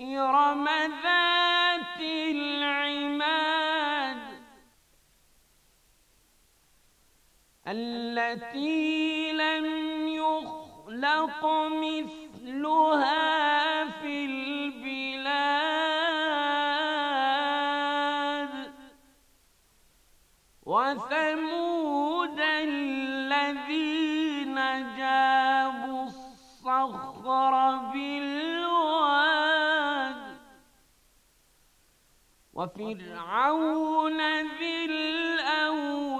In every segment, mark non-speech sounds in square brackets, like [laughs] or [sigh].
إرم ذات العماد التي لم يخلق مثلها وفرعون ذي الأول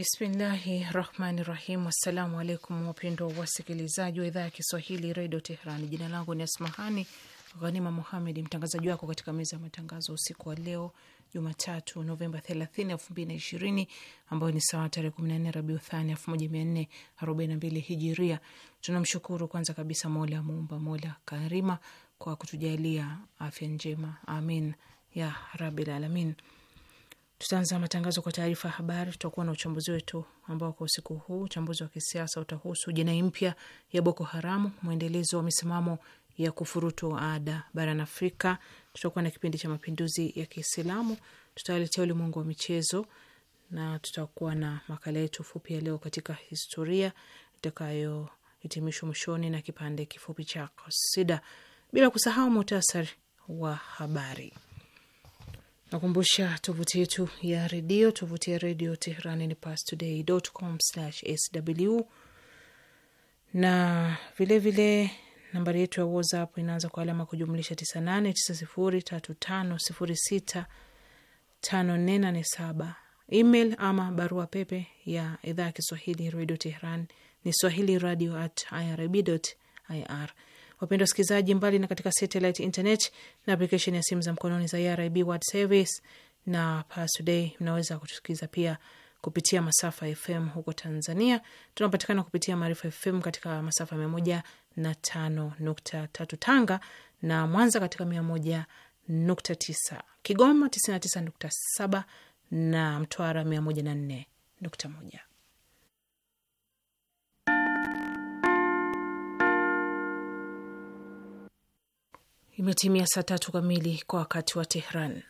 Bismillahi rahmani rahim. Assalamu alaikum wapendwa wasikilizaji wa idhaa ya Kiswahili redio Teherani. Jina langu ni Asmahani Ghanima Muhamed, mtangazaji wako katika meza ya matangazo usiku wa leo Jumatatu Novemba 30, 2020 ambayo ni sawa tarehe 14 Rabiuthani 1442 Hijiria. Tunamshukuru kwanza kabisa Mola Muumba, Mola Karima kwa kutujalia afya njema, amin ya rabil alamin. Tutaanza matangazo kwa taarifa ya habari. Tutakuwa na uchambuzi wetu ambao kwa usiku huu uchambuzi wa kisiasa utahusu jinai mpya ya Boko Haramu, mwendelezo wa misimamo ya kufurutu ada barani Afrika. Tutakuwa na kipindi cha mapinduzi ya Kiislamu, tutawaletea ulimwengu wa michezo na tutakuwa na makala yetu fupi ya leo katika historia itakayohitimishwa mwishoni na kipande kifupi cha kasida, bila kusahau muhtasari wa habari. Nakumbusha tovuti yetu ya redio, tovuti ya redio Teherani ni pastoday.com/sw, na vilevile nambari yetu ya WhatsApp inaanza kwa alama kujumlisha 989035065487. Email ama barua pepe ya idhaa ya Kiswahili redio Teheran ni swahili radio at irib ir Wapendwa wasikilizaji, mbali na katika satellite, internet na application ya simu za mkononi za IRIB World Service na Parstoday, mnaweza kutusikiliza pia kupitia masafa FM. Huko Tanzania tunapatikana kupitia Maarifa FM katika masafa mia moja na tano nukta tatu Tanga na Mwanza katika mia moja nukta tisa Kigoma tisini na tisa nukta saba na Mtwara mia moja na nne nukta moja. Imetimia saa tatu kamili kwa wakati wa Tehran.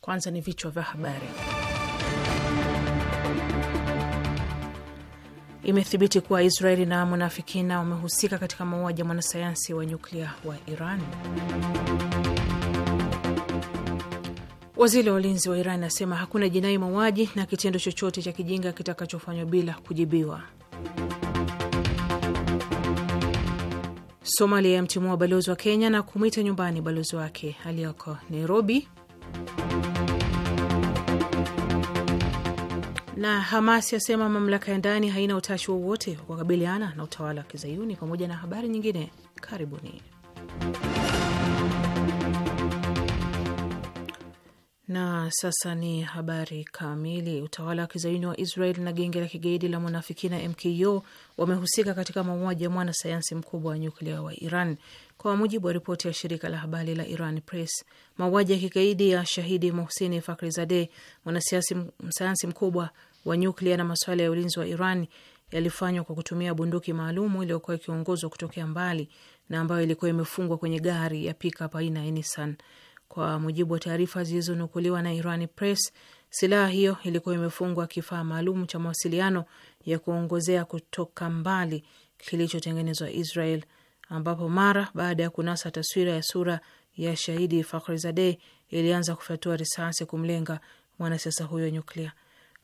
Kwanza ni vichwa vya habari. Imethibiti kuwa Israeli na wamunafikina wamehusika katika mauaji ya mwanasayansi wa nyuklia wa Iran. Waziri wa ulinzi wa Iran asema hakuna jinai, mauaji na kitendo chochote cha kijinga kitakachofanywa bila kujibiwa. Somalia yamtimua balozi wa Kenya na kumwita nyumbani balozi wake aliyoko Nairobi. Na Hamas yasema mamlaka ya ndani haina utashi wowote wa kukabiliana na utawala wa Kizayuni, pamoja na habari nyingine. Karibuni. Na sasa ni habari kamili. Utawala wa kizayuni wa Israel na genge la kigaidi la munafikina MKO wamehusika katika mauaji ya mwanasayansi mkubwa wa nyuklia wa Iran. Kwa mujibu wa ripoti ya shirika la habari la Iran Press, mauaji ya kigaidi ya shahidi Mohsini Fakhrizadeh, mwanasayansi mkubwa wa nyuklia na masuala ya ulinzi wa Iran, yalifanywa kwa kutumia bunduki maalumu iliyokuwa ikiongozwa kutokea mbali na ambayo ilikuwa imefungwa kwenye gari ya pickup aina ya Nissan. Kwa mujibu wa taarifa zilizonukuliwa na Iran Press, silaha hiyo ilikuwa imefungwa kifaa maalum cha mawasiliano ya kuongozea kutoka mbali kilichotengenezwa Israel, ambapo mara baada ya kunasa taswira ya sura ya shahidi Fakhrizadeh ilianza kufyatua risasi kumlenga mwanasiasa huyo nyuklia.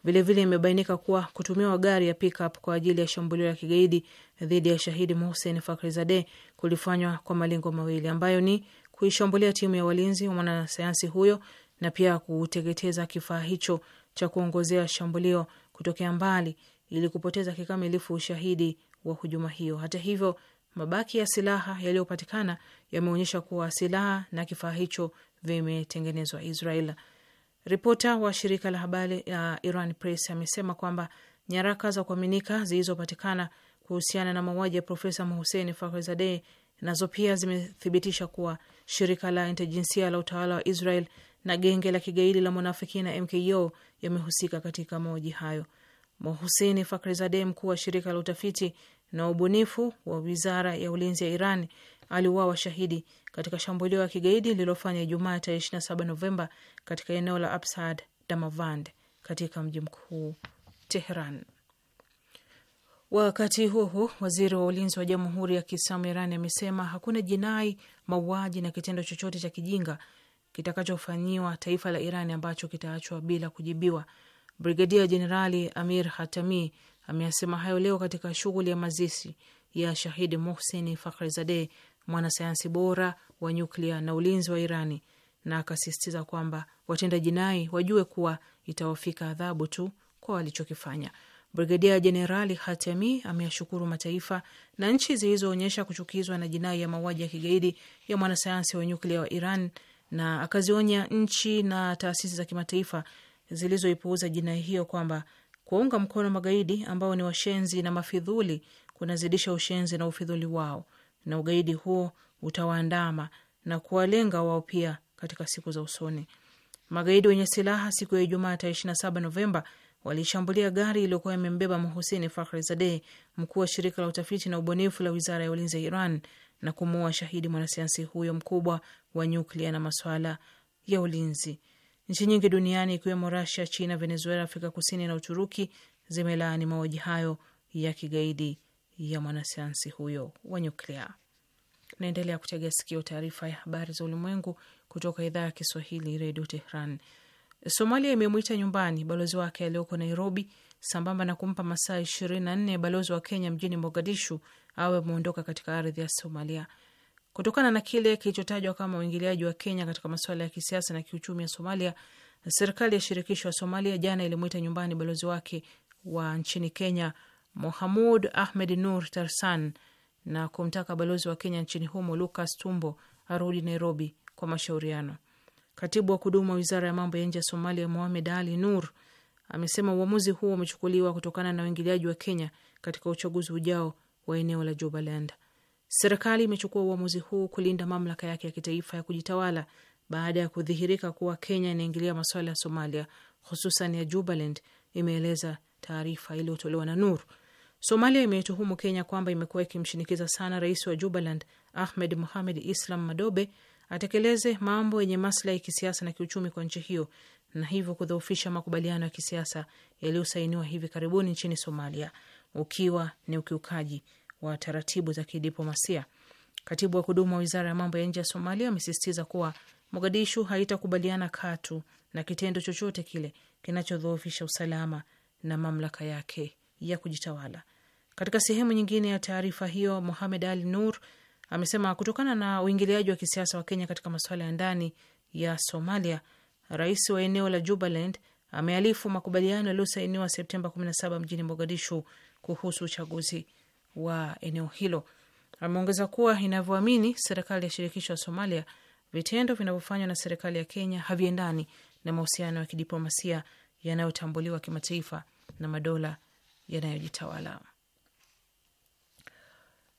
Vilevile imebainika kuwa kutumiwa gari ya pickup kwa ajili ya shambulio la kigaidi dhidi ya shahidi Mohsen Fakhrizadeh kulifanywa kwa malengo mawili ambayo ni kuishambulia timu ya walinzi wa mwanasayansi huyo na pia kuteketeza kifaa hicho cha kuongozea shambulio kutokea mbali ili kupoteza kikamilifu ushahidi wa hujuma hiyo. Hata hivyo, mabaki ya silaha yaliyopatikana yameonyesha kuwa silaha na kifaa hicho vimetengenezwa Israel. Ripota wa shirika la habari ya Iran Press amesema kwamba nyaraka za kuaminika zilizopatikana kuhusiana na mauaji ya Profesa Mohsen Fakhrizadeh nazo pia zimethibitisha kuwa shirika la intelijensia la utawala wa Israel na genge la kigaidi la na MKO yamehusika katika mauaji hayo. Mohusini Fakhrizadeh, mkuu wa shirika la utafiti na ubunifu wa wizara ya ulinzi ya Iran, aliuawa shahidi katika shambulio la kigaidi lililofanya Ijumaa tarehe 27 Novemba katika eneo la Absad Damavand katika mji mkuu teheran Wakati huo huo, waziri wa ulinzi wa Jamhuri ya Kiislamu Irani amesema hakuna jinai, mauaji na kitendo chochote cha kijinga kitakachofanyiwa taifa la Irani ambacho kitaachwa bila kujibiwa. Brigadia Jenerali Amir Hatami ameyasema hayo leo katika shughuli ya mazishi ya shahidi Mohsen Fakhrizade, mwanasayansi bora wa nyuklia na ulinzi wa Irani, na akasisitiza kwamba watenda jinai wajue kuwa itawafika adhabu tu kwa walichokifanya. Brigedia Jenerali Hatemi ameyashukuru mataifa na nchi zilizoonyesha kuchukizwa na jinai ya mauaji ya kigaidi ya mwanasayansi wa nyuklia wa Iran na akazionya nchi na taasisi za kimataifa zilizoipuuza jinai hiyo kwamba kuwaunga mkono magaidi ambao ni washenzi na mafidhuli kunazidisha ushenzi na ufidhuli wao, na ugaidi huo utawaandama na kuwalenga wao pia katika siku za usoni. Magaidi wenye silaha siku ya Ijumaa tarehe 27 Novemba walishambulia gari iliyokuwa imembeba Mohuseni Fakhrizadeh, mkuu wa shirika la utafiti na ubunifu la wizara ya ulinzi ya Iran, na kumuua shahidi mwanasayansi huyo mkubwa wa nyuklia na masuala ya ulinzi. Nchi nyingi duniani ikiwemo Rasia, China, Venezuela, Afrika Kusini na Uturuki zimelaani mauaji hayo ya kigaidi ya mwanasayansi huyo wa nyuklia. Naendelea kutega sikio taarifa ya habari za ulimwengu kutoka idhaa ya Kiswahili, Redio Tehran. Somalia imemwita nyumbani balozi wake aliyoko Nairobi, sambamba na kumpa masaa ishirini na nne balozi wa Kenya mjini Mogadishu awe ameondoka katika ardhi ya Somalia kutokana na kile kilichotajwa kama uingiliaji wa Kenya katika masuala ya kisiasa na kiuchumi ya Somalia. Serikali ya shirikisho ya Somalia jana ilimwita nyumbani balozi wake wa nchini Kenya Mohamud Ahmed Nur Tarsan na kumtaka balozi wa Kenya nchini humo Lucas Tumbo arudi Nairobi kwa mashauriano. Katibu wa kudumu wa wizara ya mambo ya nje ya Somalia, Mohamed Ali Nur, amesema uamuzi huo umechukuliwa kutokana na uingiliaji wa Kenya katika uchaguzi ujao wa eneo la Jubaland. Serikali imechukua uamuzi huu kulinda mamlaka yake ya kitaifa ya kujitawala baada ya kudhihirika kuwa Kenya inaingilia masuala ya Somalia, hususan ya Jubaland, imeeleza taarifa iliyotolewa na Nur. Somalia imeituhumu Kenya kwamba imekuwa ikimshinikiza sana rais wa Jubaland Ahmed Mohamed Islam Madobe atekeleze mambo yenye maslahi ya kisiasa na kiuchumi kwa nchi hiyo na hivyo kudhoofisha makubaliano ya kisiasa yaliyosainiwa hivi karibuni nchini Somalia, ukiwa ni ukiukaji wa taratibu za kidiplomasia. Katibu wa kudumu wa wizara ya mambo ya nje ya Somalia amesisitiza kuwa Mogadishu haitakubaliana katu na kitendo chochote kile kinachodhoofisha usalama na mamlaka yake ya kujitawala. Katika sehemu nyingine ya taarifa hiyo, Mohamed al Nur amesema kutokana na uingiliaji wa kisiasa wa Kenya katika masuala ya ndani ya Somalia, rais wa eneo la Jubaland amealifu makubaliano yaliyosainiwa Septemba 17 mjini Mogadishu kuhusu uchaguzi wa eneo hilo. Ameongeza kuwa inavyoamini serikali ya shirikisho ya Somalia, vitendo vinavyofanywa na serikali ya Kenya haviendani na mahusiano ya kidiplomasia yanayotambuliwa kimataifa na madola yanayojitawala.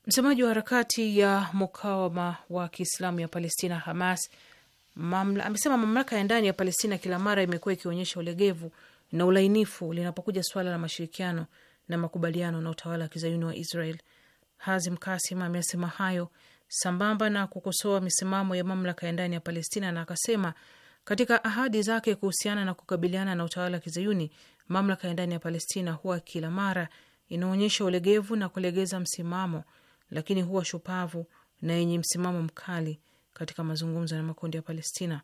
Msemaji wa harakati ya mukawama wa Kiislamu ya Palestina, Hamas, mamla, amesema mamlaka ya ndani ya Palestina kila mara imekuwa ikionyesha ulegevu na ulainifu linapokuja suala la mashirikiano na makubaliano na utawala wa kizayuni wa Israel. Hazim Kasim amesema hayo sambamba na kukosoa misimamo ya mamlaka ya ndani ya Palestina, na akasema katika ahadi zake kuhusiana na kukabiliana na utawala wa kizayuni, mamlaka ya ndani ya Palestina huwa kila mara inaonyesha ulegevu na kulegeza msimamo lakini huwa shupavu na yenye msimamo mkali katika mazungumzo na makundi ya Palestina.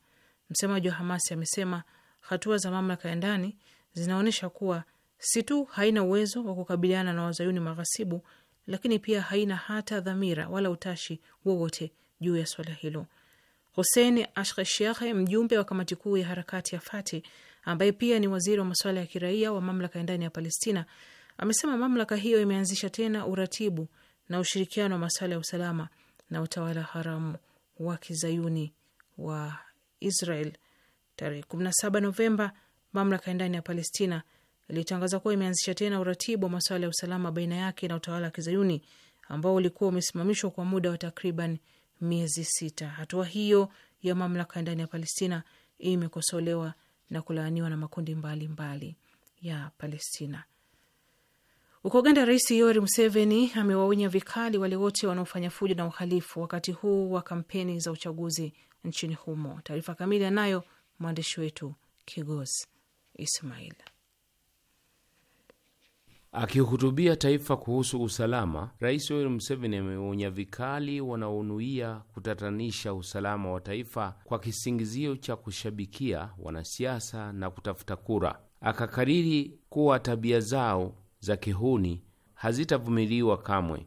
Msemaji wa Hamasi amesema hatua za mamlaka ya ndani zinaonyesha kuwa si tu haina uwezo wa kukabiliana na wazayuni maghasibu, lakini pia haina hata dhamira wala utashi wowote juu ya swala hilo. Hussein Ashkashiahe, mjumbe wa kamati kuu ya harakati ya Fati ambaye pia ni waziri wa masuala ya kiraia wa mamlaka ya ndani ya Palestina, amesema mamlaka hiyo imeanzisha tena uratibu na ushirikiano wa masuala ya usalama na utawala haramu wa kizayuni wa Israel. Tarehe 17 Novemba, mamlaka ya ndani ya Palestina ilitangaza kuwa imeanzisha tena uratibu wa masuala ya usalama baina yake na utawala wa kizayuni ambao ulikuwa umesimamishwa kwa muda wa takriban miezi sita. Hatua hiyo ya mamlaka ya ndani ya Palestina imekosolewa na kulaaniwa na makundi mbalimbali mbali ya Palestina. Huko Uganda, Rais Yoweri Museveni amewaonya vikali wale wote wanaofanya fujo na uhalifu wakati huu wa kampeni za uchaguzi nchini humo. Taarifa kamili anayo mwandishi wetu Kigos Ismail. Akihutubia taifa kuhusu usalama, Rais Yoweri Museveni ameonya vikali wanaonuia kutatanisha usalama wa taifa kwa kisingizio cha kushabikia wanasiasa na kutafuta kura. Akakariri kuwa tabia zao za kihuni hazitavumiliwa kamwe.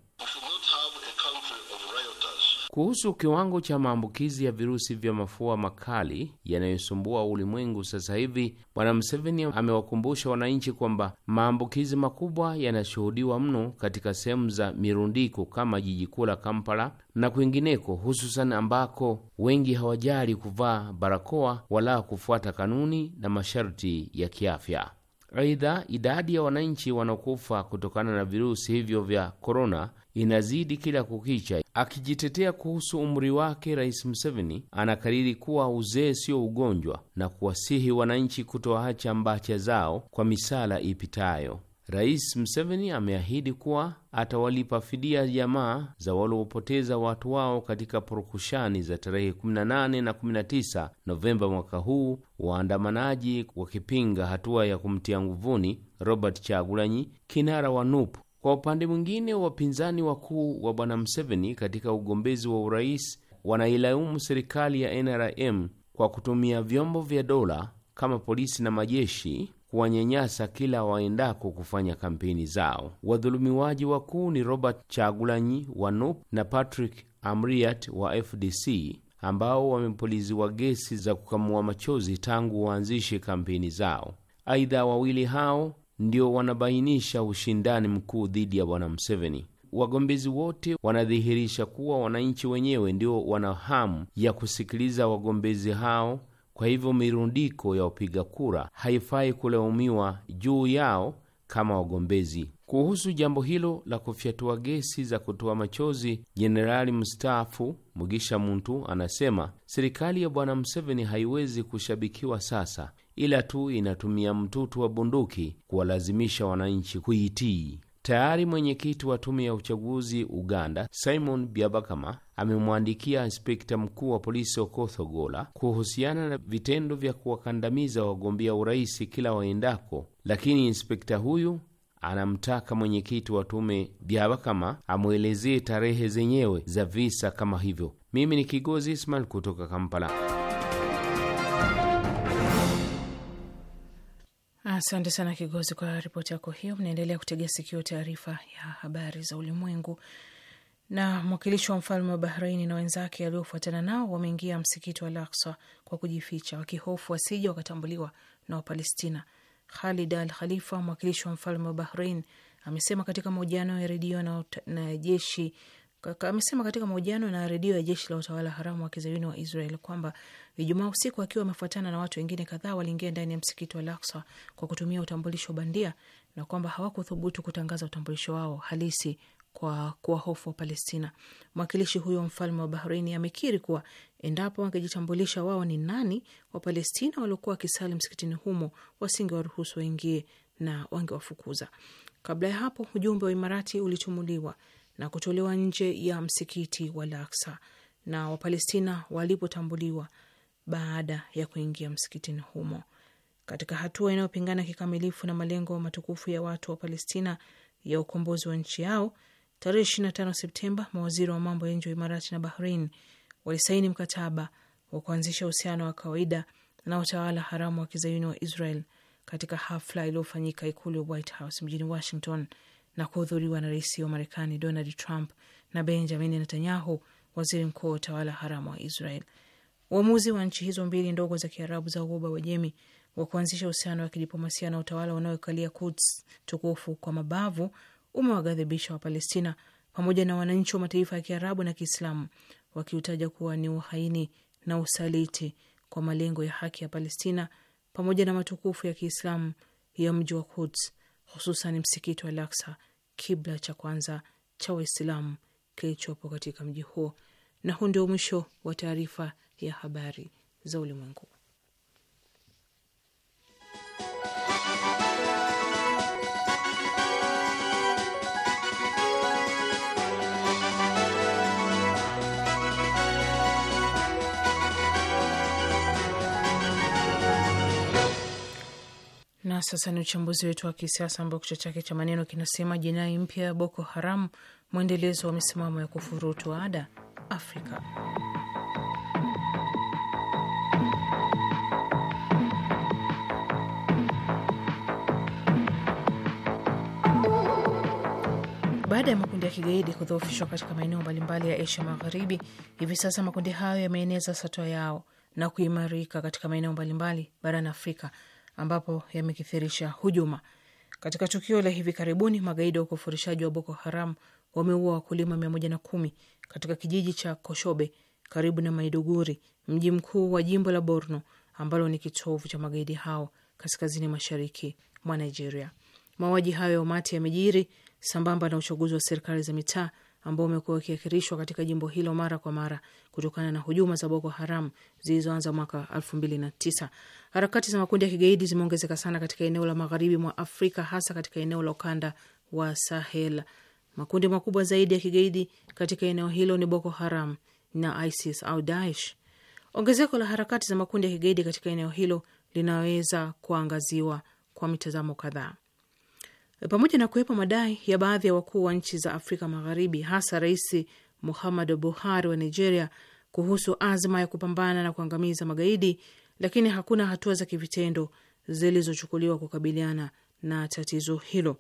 Kuhusu kiwango cha maambukizi ya virusi vya mafua makali yanayosumbua ulimwengu sasa hivi, Bwana Mseveni amewakumbusha wananchi kwamba maambukizi makubwa yanashuhudiwa mno katika sehemu za mirundiko kama jiji kuu la Kampala na kwingineko, hususan ambako wengi hawajali kuvaa barakoa wala kufuata kanuni na masharti ya kiafya. Aidha, idadi ya wananchi wanaokufa kutokana na virusi hivyo vya korona inazidi kila kukicha. Akijitetea kuhusu umri wake, Rais Museveni anakariri kuwa uzee sio ugonjwa na kuwasihi wananchi kutoacha mbacha zao kwa misala ipitayo. Rais Museveni ameahidi kuwa atawalipa fidia jamaa za waliopoteza watu wao katika purukushani za tarehe 18 na 19 Novemba mwaka huu, waandamanaji wakipinga hatua ya kumtia nguvuni Robert Chagulanyi, kinara wa NUP. Kwa upande mwingine, wapinzani wakuu wa bwana Museveni katika ugombezi wa urais wanailaumu serikali ya NRM kwa kutumia vyombo vya dola kama polisi na majeshi kuwanyanyasa kila waendako kufanya kampeni zao. Wadhulumiwaji wakuu ni Robert Chagulanyi wa NUP na Patrick Amriat wa FDC ambao wamepuliziwa gesi za kukamua machozi tangu waanzishe kampeni zao. Aidha, wawili hao ndio wanabainisha ushindani mkuu dhidi ya bwana Mseveni. Wagombezi wote wanadhihirisha kuwa wananchi wenyewe ndio wana hamu ya kusikiliza wagombezi hao kwa hivyo mirundiko ya wapiga kura haifai kulaumiwa juu yao kama wagombezi. Kuhusu jambo hilo la kufyatua gesi za kutoa machozi, jenerali mstaafu Mugisha Muntu anasema serikali ya Bwana Museveni haiwezi kushabikiwa sasa, ila tu inatumia mtutu wa bunduki kuwalazimisha wananchi kuitii. Tayari mwenyekiti wa tume ya uchaguzi Uganda, Simon Byabakama, amemwandikia inspekta mkuu wa polisi Okoth Ogola kuhusiana na vitendo vya kuwakandamiza wagombea urais kila waendako, lakini inspekta huyu anamtaka mwenyekiti wa tume Byabakama amwelezee tarehe zenyewe za visa kama hivyo. Mimi ni Kigozi Ismail kutoka Kampala. Asante sana Kigozi kwa ripoti yako hiyo. Mnaendelea kutegea sikio taarifa ya habari za ulimwengu. Na mwakilishi wa mfalme wa Bahraini na wenzake aliofuatana nao wameingia msikiti wa Al-Aqsa kwa kujificha, wakihofu wasije wakatambuliwa na Wapalestina. Khalid Al Khalifa, mwakilishi wa mfalme wa Bahrain, amesema katika mahojiano ya redio na, na jeshi amesema katika mahojiano na redio ya jeshi la utawala haramu wa kizayuni wa Israel kwamba Ijumaa usiku akiwa amefuatana na watu wengine kadhaa waliingia ndani ya msikiti wa Al-Aqsa kwa kutumia utambulisho bandia na kwamba hawakuthubutu kutangaza utambulisho wao halisi kwa kuwa hofu wa Palestina. Mwakilishi huyo mfalme wa Bahreini amekiri kuwa endapo wangejitambulisha wao ni nani, Wapalestina waliokuwa wakisali msikitini humo wasingewaruhusu waingie na wangewafukuza. Kabla ya hapo, ujumbe wa Imarati ulitumuliwa na kutolewa nje ya msikiti wa laksa na Wapalestina walipotambuliwa baada ya kuingia msikitini humo katika hatua inayopingana kikamilifu na malengo matukufu ya watu wa Palestina ya ukombozi wa nchi yao. Tarehe 25 Septemba, mawaziri wa mambo ya nje wa Imarati na Bahrain walisaini mkataba wa kuanzisha uhusiano wa kawaida na utawala haramu wa kizayuni wa Israel katika hafla iliyofanyika ikulu ya White House mjini Washington na kuhudhuriwa na rais wa Marekani Donald Trump na Benjamin Netanyahu, waziri mkuu wa utawala haramu wa Israel. Uamuzi wa nchi hizo mbili ndogo za kiarabu za Ghuba Wajemi wa kuanzisha uhusiano wa kidiplomasia na utawala unaoikalia Quds tukufu kwa mabavu umewaghadhibisha Wapalestina pamoja na wananchi wa mataifa ya kiarabu na Kiislamu, wakiutaja kuwa ni uhaini na usaliti kwa malengo ya haki ya Palestina pamoja na matukufu ya Kiislamu ya mji wa Quds hususan msikiti wa Al-Aqsa, kibla cha kwanza cha Waislamu kilichopo katika mji huo. Na huu ndio mwisho wa taarifa ya habari za ulimwengu. Na sasa ni uchambuzi wetu wa kisiasa ambao kichwa chake cha maneno kinasema jinai mpya ya Boko Haram, mwendelezo wa misimamo ya kufurutu ada Afrika. Baada ya makundi ya kigaidi kudhoofishwa katika maeneo mbalimbali ya Asia Magharibi, hivi sasa makundi hayo yameeneza satwa yao na kuimarika katika maeneo mbalimbali barani Afrika ambapo yamekithirisha hujuma. Katika tukio la hivi karibuni, magaidi wa ukufurishaji wa Boko Haram wameua wakulima mia moja na kumi katika kijiji cha Koshobe karibu na Maiduguri, mji mkuu wa jimbo la Borno ambalo ni kitovu cha magaidi hao kaskazini mashariki mwa Nigeria. Mauaji hayo ya umati yamejiri sambamba na uchaguzi wa serikali za mitaa ambao umekuwa ukiakhirishwa katika jimbo hilo mara kwa mara kutokana na hujuma za Boko Haram zilizoanza mwaka elfu mbili na tisa. Harakati za makundi ya kigaidi zimeongezeka sana katika eneo la magharibi mwa Afrika, hasa katika eneo la ukanda wa Sahel. Makundi makubwa zaidi ya kigaidi katika eneo hilo ni Boko Haram na ISIS au Daesh. Ongezeko la harakati za makundi ya kigaidi katika eneo hilo linaweza kuangaziwa kwa mitazamo kadhaa pamoja na kuwepo madai ya baadhi ya wakuu wa nchi za Afrika Magharibi, hasa Rais Muhammadu Buhari wa Nigeria, kuhusu azma ya kupambana na kuangamiza magaidi, lakini hakuna hatua za kivitendo zilizochukuliwa kukabiliana na tatizo hilo.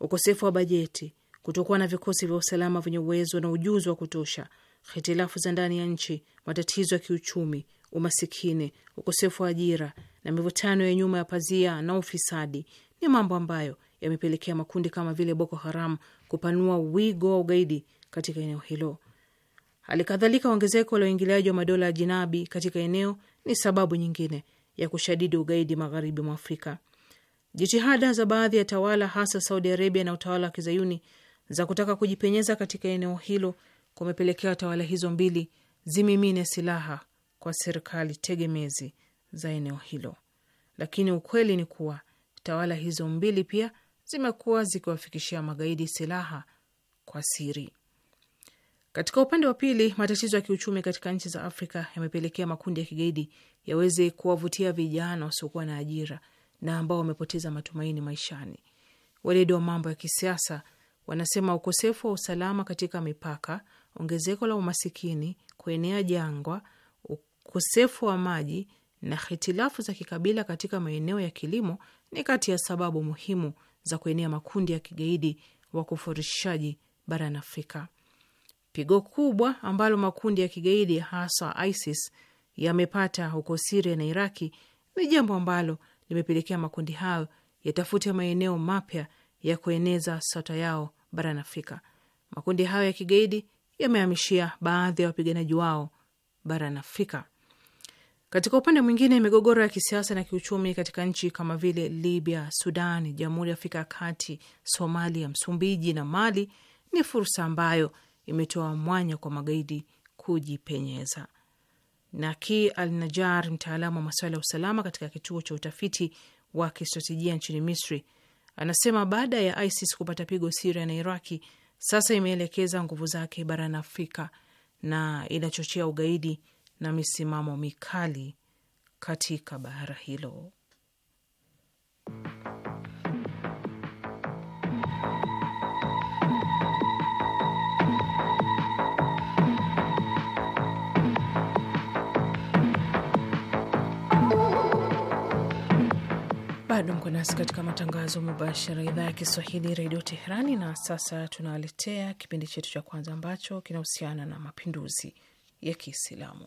Ukosefu wa bajeti, kutokuwa na vikosi vya usalama vyenye uwezo na ujuzi wa kutosha, hitilafu za ndani ya nchi, matatizo ya kiuchumi, umasikini, ukosefu wa ajira na mivutano ya nyuma ya pazia na ufisadi ni mambo ambayo yamepelekea makundi kama vile Boko Haram kupanua wigo wa ugaidi katika eneo hilo. Hali kadhalika, ongezeko la uingiliaji wa madola ya jinabi katika eneo ni sababu nyingine ya kushadidi ugaidi magharibi mwa Afrika. Jitihada za baadhi ya tawala hasa Saudi Arabia na utawala wa kizayuni za kutaka kujipenyeza katika eneo hilo kumepelekea tawala hizo mbili zimimine silaha kwa serikali tegemezi za eneo hilo, lakini ukweli ni kuwa tawala hizo mbili pia zimekuwa zikiwafikishia magaidi silaha kwa siri. Katika upande wa pili, matatizo ya kiuchumi katika nchi za Afrika yamepelekea makundi ya kigaidi yaweze kuwavutia vijana wasiokuwa na ajira na ambao wamepoteza matumaini maishani. Weledi wa mambo ya kisiasa wanasema ukosefu wa usalama katika mipaka, ongezeko la umasikini, kuenea jangwa, ukosefu wa maji na hitilafu za kikabila katika maeneo ya kilimo ni kati ya sababu muhimu za kuenea makundi ya kigaidi wa kufurishaji barani Afrika. Pigo kubwa ambalo makundi ya kigaidi hasa ISIS yamepata huko Siria na Iraki ni jambo ambalo limepelekea makundi hayo yatafute maeneo mapya ya kueneza sata yao barani Afrika. Makundi hayo ya kigaidi yamehamishia baadhi ya wapiganaji wao barani Afrika. Katika upande mwingine, migogoro ya kisiasa na kiuchumi katika nchi kama vile Libya, Sudan, Jamhuri ya Afrika ya Kati, Somalia, Msumbiji na Mali ni fursa ambayo imetoa mwanya kwa magaidi kujipenyeza. Naki Al Najar, mtaalamu wa masuala ya usalama katika kituo cha utafiti wa kistratejia nchini Misri, anasema baada ya ISIS kupata pigo Siria na Iraki, sasa imeelekeza nguvu zake barani Afrika na inachochea ugaidi na misimamo mikali katika bara hilo. Bado mko nasi katika matangazo mubashara, idhaa ya Kiswahili redio Teherani. Na sasa tunawaletea kipindi chetu cha kwanza ambacho kinahusiana na mapinduzi ya Kiislamu.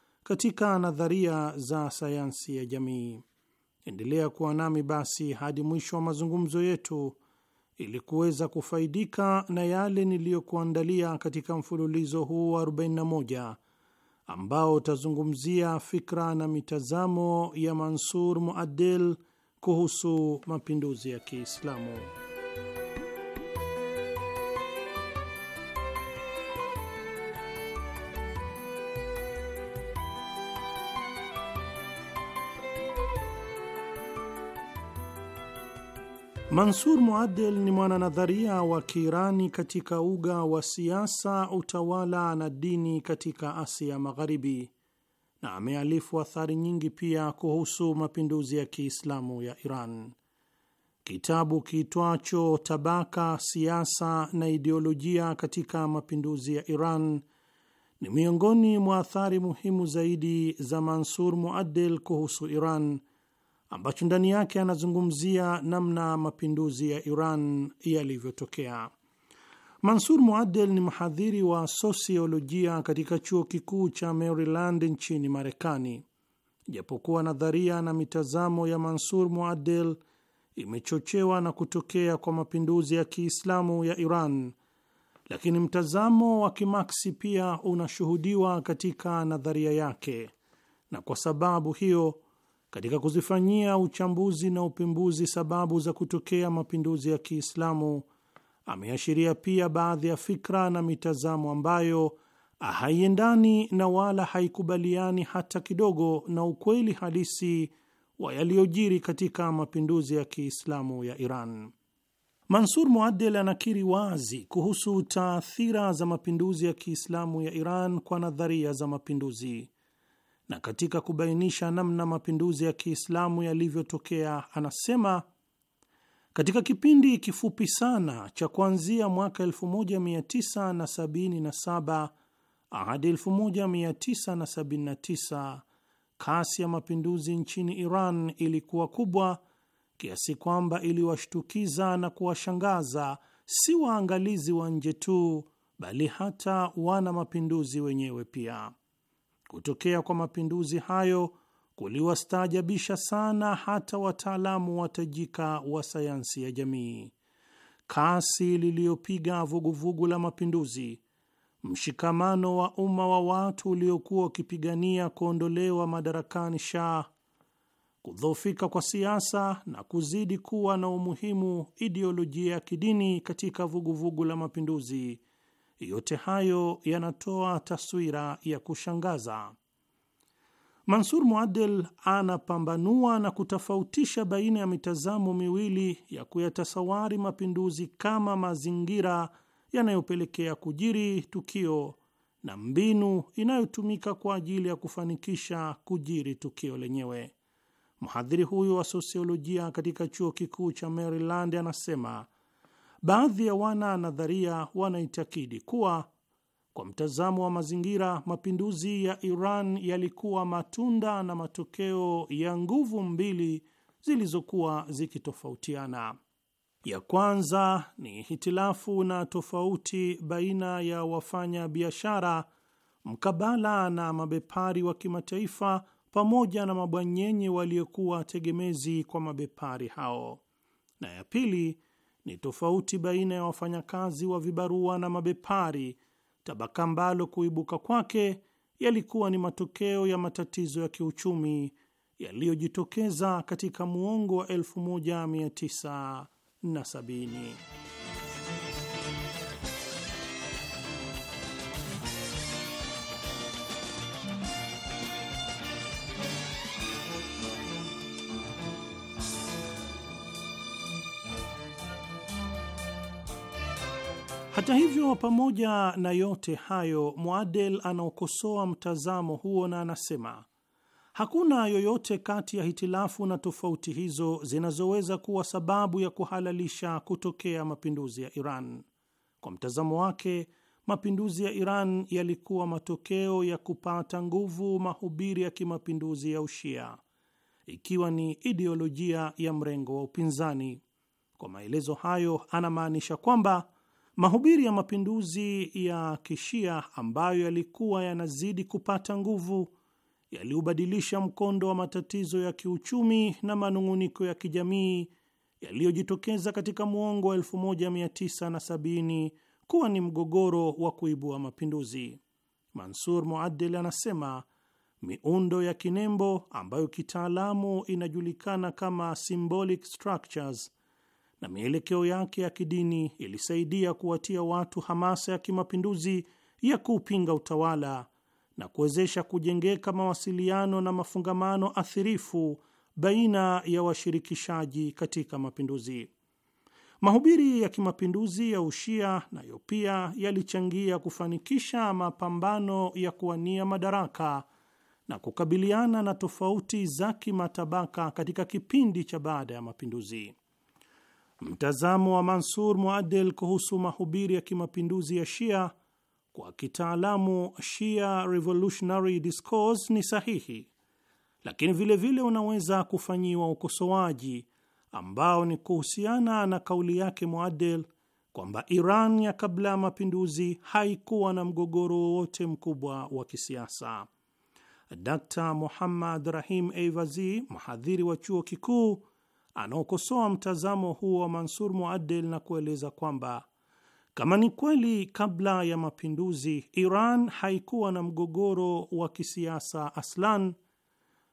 katika nadharia za sayansi ya jamii. Endelea kuwa nami basi hadi mwisho wa mazungumzo yetu ili kuweza kufaidika na yale niliyokuandalia katika mfululizo huu wa 41 ambao utazungumzia fikra na mitazamo ya Mansur Muadel kuhusu mapinduzi ya Kiislamu. Mansur Muadel ni mwananadharia wa Kiirani katika uga wa siasa, utawala na dini katika Asia Magharibi, na amealifu athari nyingi pia kuhusu mapinduzi ya Kiislamu ya Iran. Kitabu kiitwacho Tabaka, Siasa na Ideolojia katika Mapinduzi ya Iran ni miongoni mwa athari muhimu zaidi za Mansur Muadel kuhusu Iran ambacho ndani yake anazungumzia namna mapinduzi ya Iran yalivyotokea. Mansur Muadel ni mhadhiri wa sosiolojia katika chuo kikuu cha Maryland nchini Marekani. Japokuwa nadharia na mitazamo ya Mansur Muadel imechochewa na kutokea kwa mapinduzi ya Kiislamu ya Iran, lakini mtazamo wa Kimaksi pia unashuhudiwa katika nadharia yake, na kwa sababu hiyo katika kuzifanyia uchambuzi na upembuzi sababu za kutokea mapinduzi ya Kiislamu ameashiria pia baadhi ya fikra na mitazamo ambayo haiendani na wala haikubaliani hata kidogo na ukweli halisi wa yaliyojiri katika mapinduzi ya Kiislamu ya Iran. Mansur Muadel anakiri wazi kuhusu taathira za mapinduzi ya Kiislamu ya Iran kwa nadharia za mapinduzi na katika kubainisha namna mapinduzi ya Kiislamu yalivyotokea anasema, katika kipindi kifupi sana cha kuanzia mwaka 1977 hadi 1979 kasi ya mapinduzi nchini Iran ilikuwa kubwa kiasi kwamba iliwashtukiza na kuwashangaza si waangalizi wa nje tu, bali hata wana mapinduzi wenyewe pia. Kutokea kwa mapinduzi hayo kuliwastaajabisha sana hata wataalamu watajika wa sayansi ya jamii. Kasi liliyopiga vuguvugu la mapinduzi, mshikamano wa umma wa watu uliokuwa ukipigania kuondolewa madarakani Shah, kudhoofika kwa siasa na kuzidi kuwa na umuhimu ideolojia ya kidini katika vuguvugu la mapinduzi yote hayo yanatoa taswira ya kushangaza. Mansur Muadel anapambanua na kutofautisha baina ya mitazamo miwili ya kuyatasawari mapinduzi kama mazingira yanayopelekea kujiri tukio na mbinu inayotumika kwa ajili ya kufanikisha kujiri tukio lenyewe. Mhadhiri huyo wa sosiolojia katika chuo kikuu cha Maryland anasema Baadhi ya wana nadharia wanaitakidi kuwa kwa mtazamo wa mazingira, mapinduzi ya Iran yalikuwa matunda na matokeo ya nguvu mbili zilizokuwa zikitofautiana. Ya kwanza ni hitilafu na tofauti baina ya wafanya biashara mkabala na mabepari wa kimataifa pamoja na mabwanyenye waliokuwa tegemezi kwa mabepari hao, na ya pili ni tofauti baina ya wafanyakazi wa vibarua na mabepari, tabaka ambalo kuibuka kwake yalikuwa ni matokeo ya matatizo ya kiuchumi yaliyojitokeza katika muongo wa 1970. Hata hivyo, pamoja na yote hayo, mwadel anaokosoa mtazamo huo na anasema hakuna yoyote kati ya hitilafu na tofauti hizo zinazoweza kuwa sababu ya kuhalalisha kutokea mapinduzi ya Iran. Kwa mtazamo wake, mapinduzi ya Iran yalikuwa matokeo ya kupata nguvu mahubiri ya kimapinduzi ya Ushia, ikiwa ni ideolojia ya mrengo wa upinzani. Kwa maelezo hayo, anamaanisha kwamba Mahubiri ya mapinduzi ya Kishia ambayo yalikuwa yanazidi kupata nguvu yaliubadilisha mkondo wa matatizo ya kiuchumi na manung'uniko ya kijamii yaliyojitokeza katika muongo wa 1970 kuwa ni mgogoro wa kuibua mapinduzi. Mansur Muadel anasema miundo ya kinembo ambayo kitaalamu inajulikana kama symbolic structures na mielekeo yake ya kidini ilisaidia kuwatia watu hamasa ya kimapinduzi ya kuupinga utawala na kuwezesha kujengeka mawasiliano na mafungamano athirifu baina ya washirikishaji katika mapinduzi. Mahubiri ya kimapinduzi ya Ushia nayo pia yalichangia kufanikisha mapambano ya kuwania madaraka na kukabiliana na tofauti za kimatabaka katika kipindi cha baada ya mapinduzi. Mtazamo wa Mansur Muadel kuhusu mahubiri ya kimapinduzi ya Shia, kwa kitaalamu Shia Revolutionary Discourse, ni sahihi, lakini vilevile vile unaweza kufanyiwa ukosoaji ambao ni kuhusiana na kauli yake Muadel kwamba Iran ya kabla ya mapinduzi haikuwa na mgogoro wowote mkubwa wa kisiasa. Dr Muhammad Rahim Eivazi, mhadhiri wa chuo kikuu anaokosoa mtazamo huo wa Mansur Muadel na kueleza kwamba kama ni kweli kabla ya mapinduzi Iran haikuwa na mgogoro wa kisiasa aslan,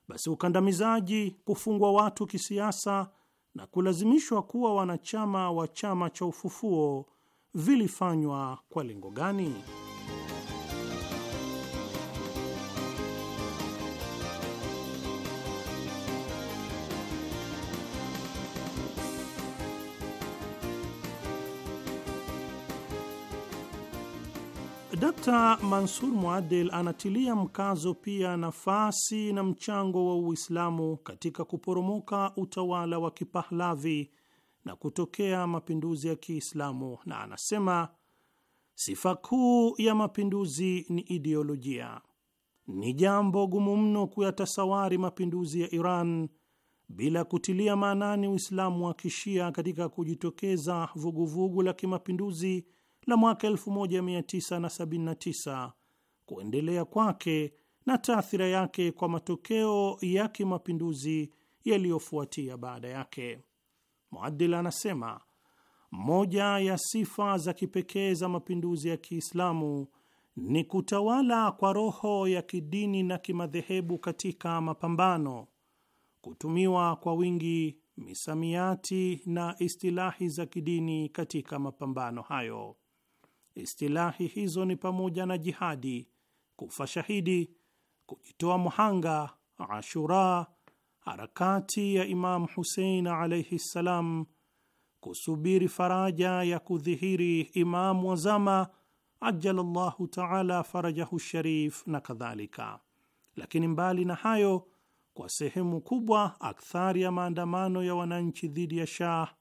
basi ukandamizaji, kufungwa watu kisiasa na kulazimishwa kuwa wanachama wa chama cha ufufuo vilifanywa kwa lengo gani? Dkt. Mansur Muadel anatilia mkazo pia nafasi na mchango wa Uislamu katika kuporomoka utawala wa Kipahlavi na kutokea mapinduzi ya Kiislamu, na anasema sifa kuu ya mapinduzi ni ideolojia. Ni jambo gumu mno kuyatasawari mapinduzi ya Iran bila kutilia maanani Uislamu wa Kishia katika kujitokeza vuguvugu vugu la kimapinduzi la mwaka 1979, kuendelea kwake na taathira yake kwa matokeo ya kimapinduzi yaliyofuatia baada yake. Muadil anasema moja ya sifa za kipekee za mapinduzi ya Kiislamu ni kutawala kwa roho ya kidini na kimadhehebu katika mapambano, kutumiwa kwa wingi misamiati na istilahi za kidini katika mapambano hayo. Istilahi hizo ni pamoja na jihadi, kufa shahidi, kujitoa muhanga, Ashura, harakati ya Imamu Husein alaihi ssalam, kusubiri faraja ya kudhihiri Imamu wazama ajalallahu taala farajahu sharif na kadhalika. Lakini mbali na hayo, kwa sehemu kubwa, akthari ya maandamano ya wananchi dhidi ya Shah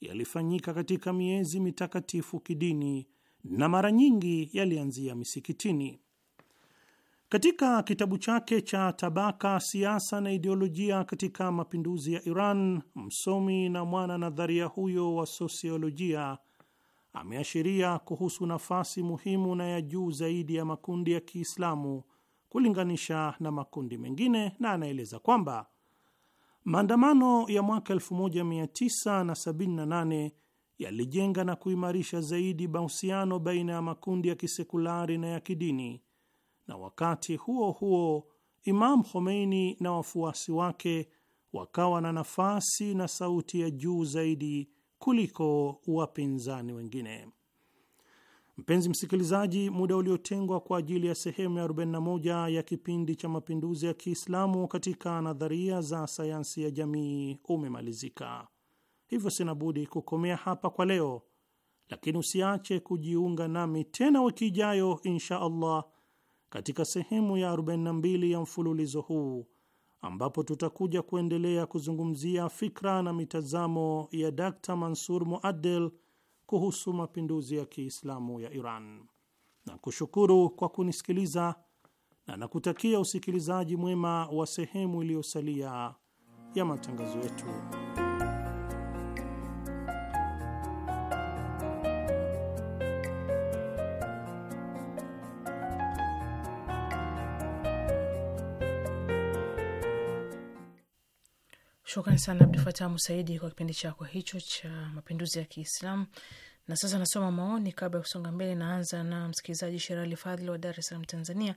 yalifanyika katika miezi mitakatifu kidini na mara nyingi yalianzia misikitini. Katika kitabu chake cha Tabaka, siasa na ideolojia katika mapinduzi ya Iran, msomi na mwana nadharia huyo wa sosiolojia ameashiria kuhusu nafasi muhimu na ya juu zaidi ya makundi ya Kiislamu kulinganisha na makundi mengine, na anaeleza kwamba maandamano ya mwaka 1978 yalijenga na kuimarisha zaidi mahusiano baina ya makundi ya kisekulari na ya kidini, na wakati huo huo Imam Khomeini na wafuasi wake wakawa na nafasi na sauti ya juu zaidi kuliko wapinzani wengine. Mpenzi msikilizaji, muda uliotengwa kwa ajili ya sehemu ya 41 ya kipindi cha mapinduzi ya Kiislamu katika nadharia za sayansi ya jamii umemalizika. Hivyo sina budi kukomea hapa kwa leo, lakini usiache kujiunga nami tena wiki ijayo insha Allah katika sehemu ya 42 ya mfululizo huu ambapo tutakuja kuendelea kuzungumzia fikra na mitazamo ya Dkt Mansur Muaddel kuhusu mapinduzi ya Kiislamu ya Iran. Nakushukuru kwa kunisikiliza na nakutakia usikilizaji mwema wa sehemu iliyosalia ya matangazo yetu. Shukrani sana Abdu Fatah Musaidi kwa kipindi chako hicho cha mapinduzi ya Kiislamu. Na sasa nasoma maoni kabla ya kusonga mbele. Naanza na msikilizaji Sherali Fadhili wa Dar es Salaam, Tanzania.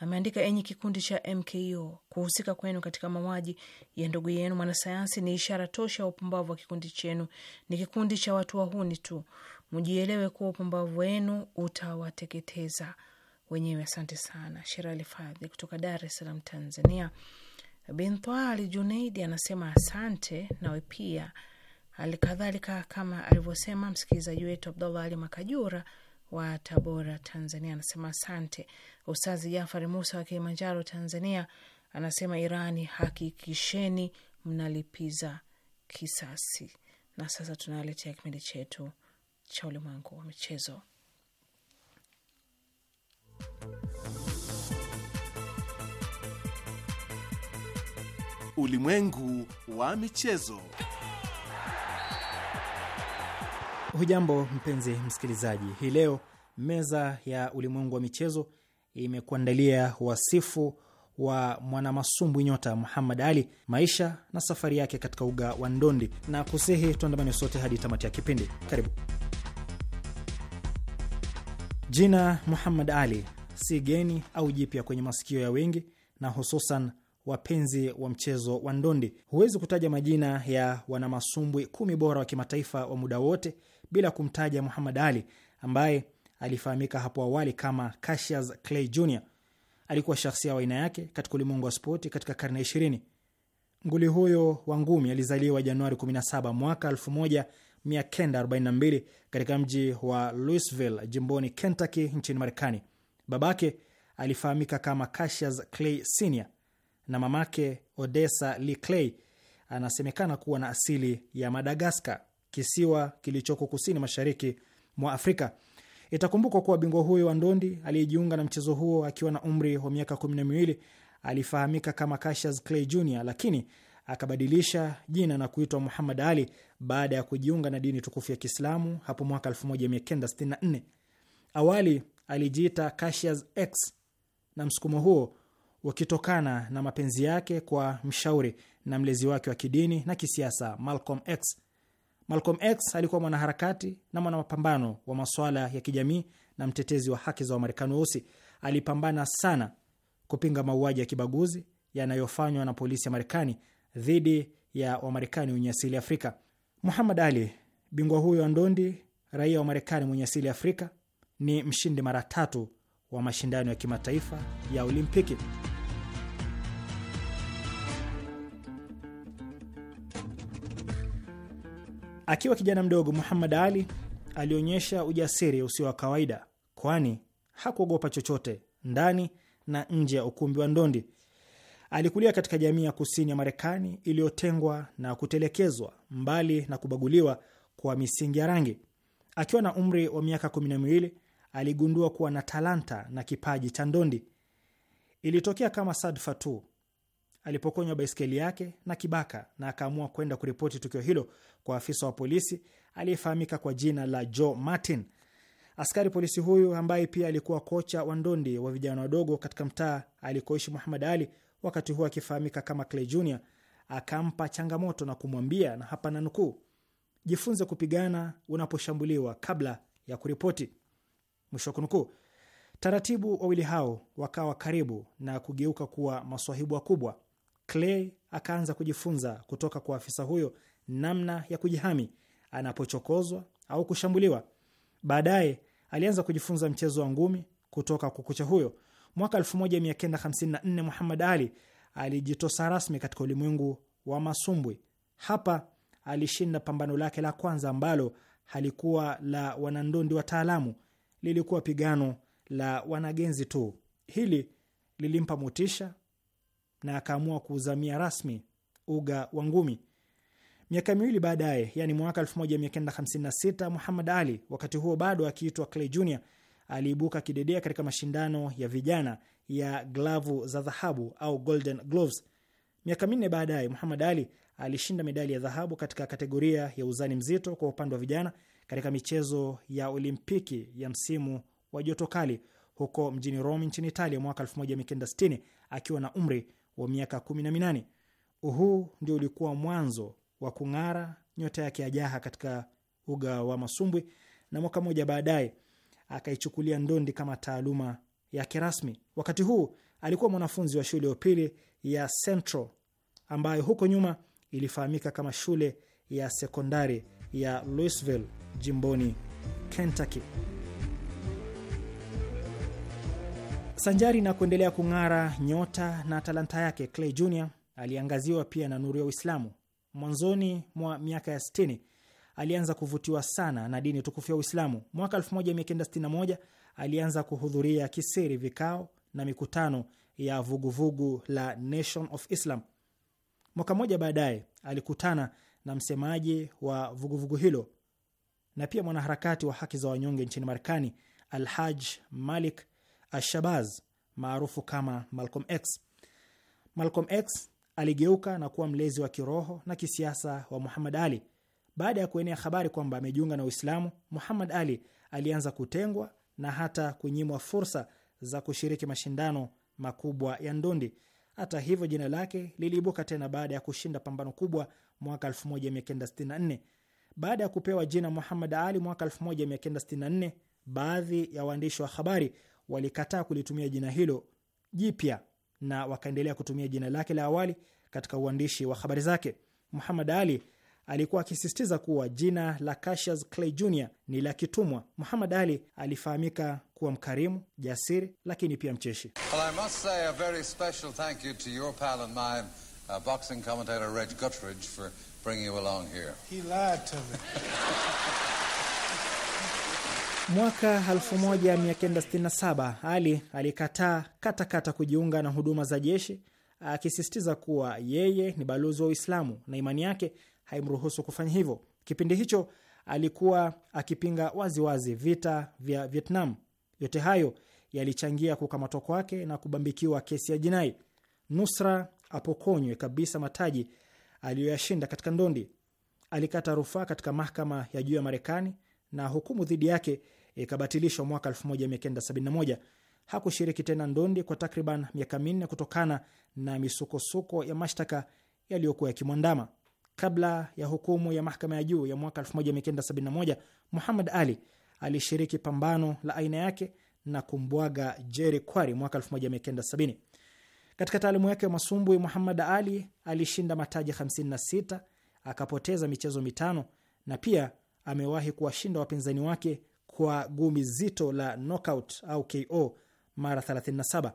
Ameandika, enyi kikundi cha MKO, kuhusika kwenu katika mauaji ya ndugu yenu mwanasayansi ni ishara tosha ya upumbavu wa kikundi chenu. Ni kikundi cha watu wahuni tu, mjielewe kuwa upumbavu wenu utawateketeza wenyewe. Asante sana Sherali Fadhili kutoka Dar es Salaam, Tanzania. Bintwali Junaidi anasema asante, nawe pia. kadhalika, kama alivyosema msikilizaji wetu Abdullah Ali Makajura wa Tabora, Tanzania, anasema asante. Ustazi Jafari Musa wa Kilimanjaro, Tanzania, anasema Irani, hakikisheni mnalipiza kisasi. Na sasa tunaletea kipindi chetu cha ulimwengu wa michezo. Ulimwengu wa michezo. Hujambo mpenzi msikilizaji, hii leo meza ya ulimwengu wa michezo imekuandalia wasifu wa mwanamasumbwi nyota Muhammad Ali, maisha na safari yake katika uga wa ndondi, na kusihi tuandamane sote hadi tamati ya kipindi. Karibu. Jina Muhammad Ali si geni au jipya kwenye masikio ya wengi na hususan wapenzi wa mchezo wa ndondi. Huwezi kutaja majina ya wanamasumbwi kumi bora wa kimataifa wa muda wote bila kumtaja Muhammad Ali ambaye alifahamika hapo awali kama Cassius Clay Jr. Alikuwa shahsia wa aina yake katika ulimwengu wa spoti katika karne ya ishirini. Nguli huyo wa ngumi alizaliwa Januari 17 mwaka 1942 katika mji wa Louisville jimboni Kentucky nchini Marekani. Babake alifahamika kama Cassius Clay Sr na mamake Odessa Lee Clay anasemekana kuwa na asili ya Madagaskar, kisiwa kilichoko kusini mashariki mwa Afrika. Itakumbukwa kuwa bingwa huyo wa ndondi aliyejiunga na mchezo huo akiwa na umri wa miaka kumi na miwili alifahamika kama Cassius Clay Jr, lakini akabadilisha jina na kuitwa Muhammad Ali baada ya kujiunga na dini tukufu ya Kiislamu hapo mwaka 1964. Awali alijiita Cassius X na msukumo huo ukitokana na mapenzi yake kwa mshauri na mlezi wake wa kidini na kisiasa Malcolm X. Malcolm X alikuwa mwanaharakati na mwanamapambano wa masuala ya kijamii na mtetezi wa haki za Wamarekani weusi. Alipambana sana kupinga mauaji ya kibaguzi yanayofanywa na polisi ya Marekani dhidi ya Wamarekani wenye asili Afrika. Muhammad Ali, bingwa huyo wa ndondi, raia wa Marekani mwenye asili Afrika, ni mshindi mara tatu wa mashindano ya kimataifa ya Olimpiki. Akiwa kijana mdogo, Muhammad Ali alionyesha ujasiri usio wa kawaida, kwani hakuogopa chochote ndani na nje ya ukumbi wa ndondi. Alikulia katika jamii ya kusini ya Marekani iliyotengwa na kutelekezwa mbali na kubaguliwa kwa misingi ya rangi. Akiwa na umri wa miaka kumi na miwili aligundua kuwa na talanta na kipaji cha ndondi. Ilitokea kama sadfa tu alipokonywa baiskeli yake na kibaka na akaamua kwenda kuripoti tukio hilo kwa afisa wa polisi aliyefahamika kwa jina la Joe Martin. Askari polisi huyu ambaye pia alikuwa kocha wa ndondi wa vijana wadogo katika mtaa alikoishi Muhammad Ali, wakati huo akifahamika kama Clay Jr, akampa changamoto na kumwambia, na hapa na nukuu, jifunze kupigana unaposhambuliwa kabla ya kuripoti, mwisho wa kunukuu. Taratibu wawili hao wakawa karibu na kugeuka kuwa maswahibu wakubwa. Clay akaanza kujifunza kutoka kwa afisa huyo namna ya kujihami anapochokozwa au kushambuliwa. Baadaye alianza kujifunza mchezo wa ngumi kutoka kwa kocha huyo. Mwaka 1954 Muhammad Ali alijitosa rasmi katika ulimwengu wa masumbwi. Hapa alishinda pambano lake la kwanza ambalo halikuwa la wanandondi wataalamu, lilikuwa pigano la wanagenzi tu. Hili lilimpa motisha na akaamua kuuzamia rasmi uga wa ngumi. Miaka miwili baadaye, yani mwaka 1956, Muhammad Ali, wakati huo bado akiitwa Clay Jr, aliibuka kidedea katika mashindano ya vijana ya glavu za dhahabu au golden gloves. Miaka minne baadaye, Muhammad Ali alishinda medali ya dhahabu katika kategoria ya uzani mzito kwa upande wa vijana katika michezo ya Olimpiki ya msimu wa joto kali huko mjini Rome nchini Italia mwaka 1960 akiwa na umri wa miaka kumi na minane. Huu ndio ulikuwa mwanzo wa kung'ara nyota yake ya jaha katika uga wa masumbwi, na mwaka mmoja baadaye akaichukulia ndondi kama taaluma yake rasmi. Wakati huu alikuwa mwanafunzi wa shule ya upili ya Central ambayo huko nyuma ilifahamika kama shule ya sekondari ya Louisville jimboni Kentucky. Sanjari na kuendelea kung'ara nyota na talanta yake, Clay Jr aliangaziwa pia na nuru ya Uislamu. Mwanzoni mwa miaka ya 60 alianza kuvutiwa sana na dini tukufu ya Uislamu. Mwaka 1961 alianza kuhudhuria kisiri vikao na mikutano ya vuguvugu vugu la Nation of Islam. Mwaka mmoja baadaye alikutana na msemaji wa vuguvugu vugu hilo na pia mwanaharakati wa haki za wanyonge nchini Marekani, Alhaj Malik Ashabaz maarufu kama Malcolm X. Malcolm X aligeuka na kuwa mlezi wa kiroho na kisiasa wa Muhammad Ali. Baada ya kuenea habari kwamba amejiunga na Uislamu, Muhammad Ali alianza kutengwa na hata kunyimwa fursa za kushiriki mashindano makubwa ya ndondi. Hata hivyo, jina lake liliibuka tena baada ya kushinda pambano kubwa mwaka 1964. Baada ya kupewa jina Muhammad Ali mwaka 1964, baadhi ya waandishi wa habari walikataa kulitumia jina hilo jipya na wakaendelea kutumia jina lake la awali katika uandishi wa habari zake. Muhammad Ali alikuwa akisisitiza kuwa jina la Cassius Clay Jr ni la kitumwa. Muhammad Ali alifahamika kuwa mkarimu, jasiri, lakini pia mcheshi. Well, Mwaka 1967 Ali alikataa katakata kujiunga na huduma za jeshi, akisisitiza kuwa yeye ni balozi wa Uislamu na imani yake haimruhusu kufanya hivyo. Kipindi hicho alikuwa akipinga waziwazi wazi vita vya Vietnam. Yote hayo yalichangia kukamatwa kwake na kubambikiwa kesi ya jinai. Nusra apokonywe kabisa mataji aliyoyashinda katika ndondi. Alikata rufaa katika mahakama ya juu ya Marekani na hukumu dhidi yake ikabatilishwa mwaka 1971. Hakushiriki tena ndondi kwa takriban miaka minne kutokana na misukosuko ya mashtaka yaliyokuwa yakimwandama. Kabla ya hukumu ya mahakama ya juu ya mwaka 1971, Muhammad Ali alishiriki pambano la aina yake na kumbwaga Jerry Quarry mwaka 1970. Katika taalimu yake ya masumbwi, Muhammad Ali alishinda mataji 56, akapoteza michezo mitano na pia amewahi kuwashinda wapinzani wake kwa gumi zito la knockout au KO mara 37.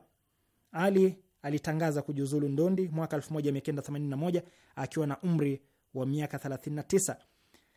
Ali alitangaza kujiuzulu ndondi mwaka 1981 akiwa na umri wa miaka 39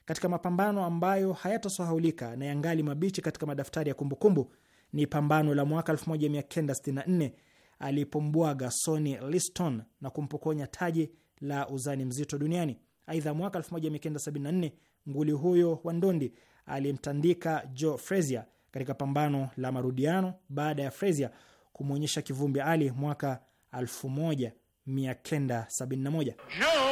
katika mapambano ambayo hayatasahaulika na yangali mabichi katika madaftari ya kumbukumbu kumbu, ni pambano la mwaka 1964 alipombwaga Sonny Liston na kumpokonya taji la uzani mzito duniani. Aidha, mwaka 1974 nguli huyo wa ndondi aliyemtandika Joe Frazier katika pambano la marudiano baada ya Frazier kumwonyesha kivumbi Ali mwaka 1971.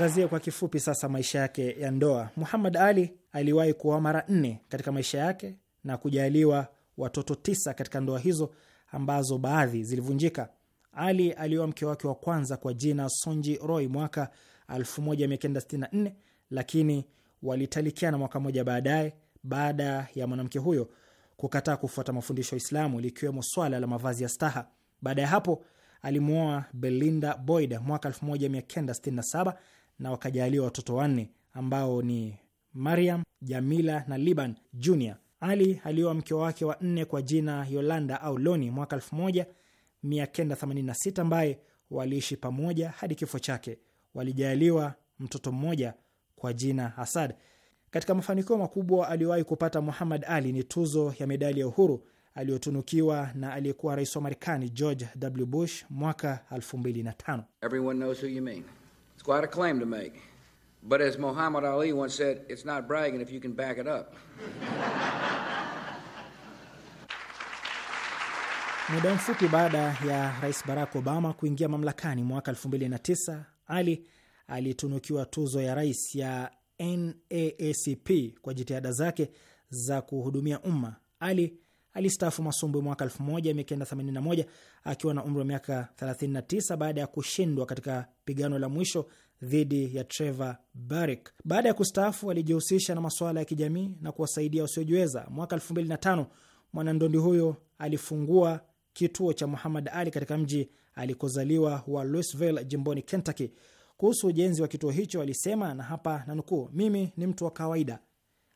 Tuangazie kwa kifupi sasa maisha yake ya ndoa. Muhammad Ali aliwahi kuoa mara nne katika maisha yake na kujaliwa watoto tisa katika ndoa hizo ambazo baadhi zilivunjika. Ali alioa mke wake wa kwanza kwa jina Sonji Roy mwaka 1964 lakini walitalikiana mwaka mmoja baadaye baada ya mwanamke huyo kukataa kufuata mafundisho ya Islamu likiwemo swala la mavazi ya staha. Baada ya hapo alimwoa Belinda Boyd mwaka 1967 na wakajaliwa watoto wanne ambao ni Mariam, Jamila na Liban Jr. Ali alioa mke wake wa nne kwa jina Yolanda au Loni mwaka 1986 ambaye waliishi pamoja hadi kifo chake. Walijaliwa mtoto mmoja kwa jina Asad. Katika mafanikio makubwa aliyowahi kupata Muhammad Ali ni tuzo ya medali ya uhuru aliyotunukiwa na aliyekuwa rais wa Marekani George W. Bush mwaka 2005. It's quite a claim to make. But as Muhammad Ali once said, it's not bragging if you can back it up. [laughs] Muda mfupi baada ya Rais Barack Obama kuingia mamlakani mwaka 2009, Ali alitunukiwa tuzo ya rais ya NAACP kwa jitihada zake za kuhudumia umma. Ali alistaafu masumbwi mwaka 1981 akiwa na umri wa miaka 39 baada ya kushindwa katika pigano la mwisho dhidi ya Trevor Barrick. Baada ya kustaafu, alijihusisha na masuala ya kijamii na kuwasaidia wasiojiweza. Mwaka 2005 mwanandondi huyo alifungua kituo cha Muhammad Ali katika mji alikozaliwa wa Louisville, jimboni Kentucky. Kuhusu ujenzi wa kituo hicho alisema, na hapa nanukuu, mimi ni mtu wa kawaida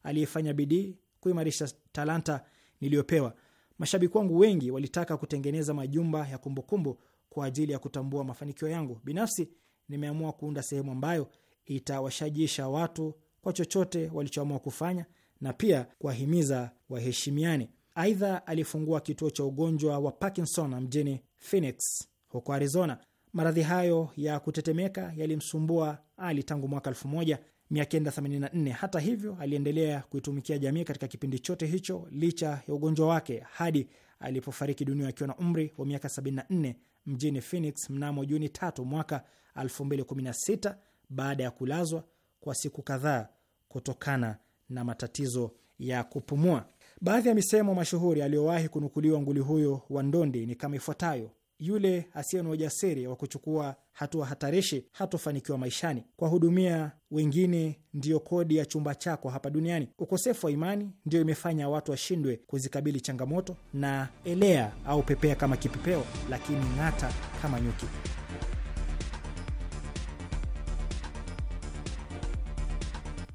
aliyefanya bidii kuimarisha talanta niliyopewa. Mashabiki wangu wengi walitaka kutengeneza majumba ya kumbukumbu kwa ajili ya kutambua mafanikio yangu. Binafsi nimeamua kuunda sehemu ambayo itawashajisha watu kwa chochote walichoamua kufanya na pia kuwahimiza waheshimiane. Aidha, alifungua kituo cha ugonjwa wa Parkinson mjini Phoenix huko Arizona. Maradhi hayo ya kutetemeka yalimsumbua Ali tangu mwaka 984. Hata hivyo, aliendelea kuitumikia jamii katika kipindi chote hicho licha ya ugonjwa wake hadi alipofariki dunia akiwa na umri wa miaka 74 mjini Phoenix mnamo Juni 3 mwaka 2016 baada ya kulazwa kwa siku kadhaa kutokana na matatizo ya kupumua. Baadhi ya misemo mashuhuri aliyowahi kunukuliwa nguli huyo wa ndondi ni kama ifuatayo: yule asiye na ujasiri wa kuchukua hatua hatarishi, hatofanikiwa maishani. Kuwahudumia wengine ndiyo kodi ya chumba chako hapa duniani. Ukosefu wa imani ndiyo imefanya watu washindwe kuzikabili changamoto, na elea au pepea kama kipepeo, lakini ng'ata kama nyuki.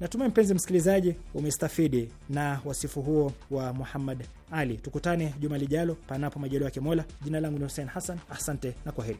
Natumai mpenzi msikilizaji, umestafidi na wasifu huo wa Muhammad Ali. Tukutane juma lijalo, panapo majaliwa yake Mola. Jina langu ni Hussein Hassan, asante na kwa heri.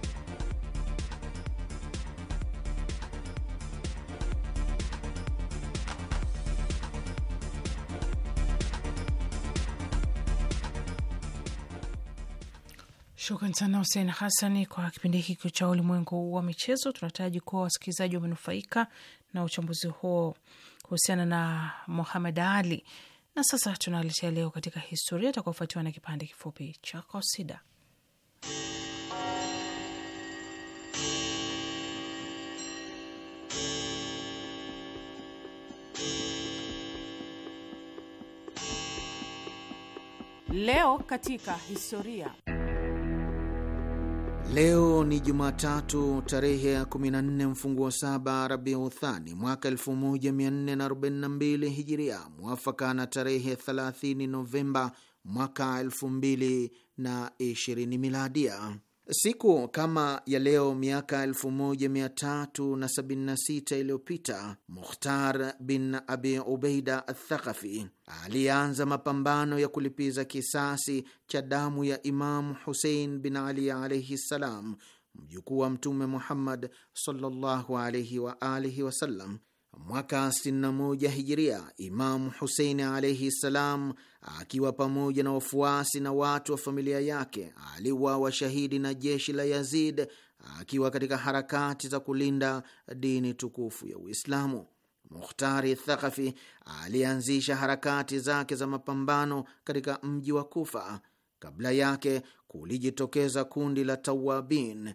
Shukran sana Husein Hasani kwa kipindi hiki cha ulimwengu wa michezo. Tunataraji kuwa wasikilizaji wamenufaika na uchambuzi huo kuhusiana na Muhamed Ali. Na sasa tunaletea leo katika historia, takaofuatiwa na kipande kifupi cha kosida. Leo katika historia Leo ni Jumatatu tarehe ya 14 mfungu wa saba uthani mwaka 1442 Hijiria, mwafaka na tarehe 30 Novemba mwaka 2020 Miladia. Siku kama ya leo miaka 1376 iliyopita Mukhtar bin Abi Ubeida Athaqafi alianza mapambano ya kulipiza kisasi cha damu ya Imamu Husein bin Ali alaihi ssalam, mjukuu wa Mtume Muhammad sallallahu alaihi wa alihi wasallam mwaka 61 hijiria, Imamu Huseini alaihi ssalam akiwa pamoja na wafuasi na watu wa familia yake aliuawa shahidi na jeshi la Yazid akiwa katika harakati za kulinda dini tukufu ya Uislamu. Mukhtari Thaqafi alianzisha harakati zake za mapambano katika mji wa Kufa. Kabla yake kulijitokeza kundi la Tawabin